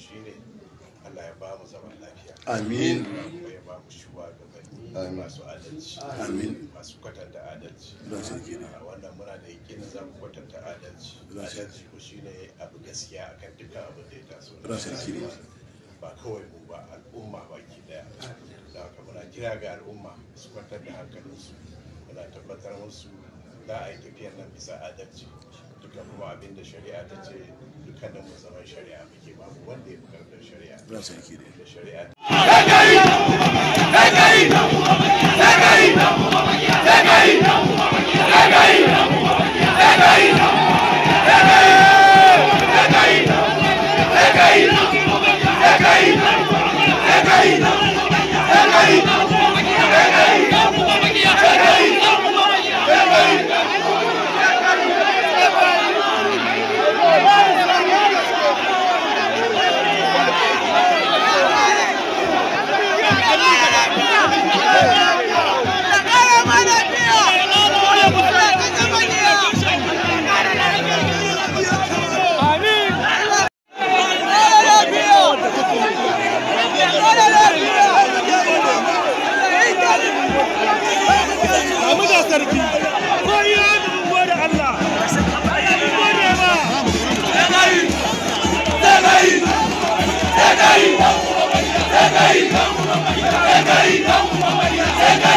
shine Allah ya ba mu zaman lafiya amin ya ba mu shugabanni masu adalci amin masu kwatanta adalci wannan muna da yake za mu kwatanta adalci adalci ko abu gaskiya akan dukkan abin da ya taso ba kawai mu ba al'umma baki daya da haka muna kira ga al'umma su kwantar hankalinsu muna tabbatar musu za a yi tafiyar nan bisa adalci abin da shari'a ta ce da mu zama shari'a muke babu wanda ya fi karɓar shari'a da shari'a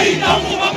立党为公。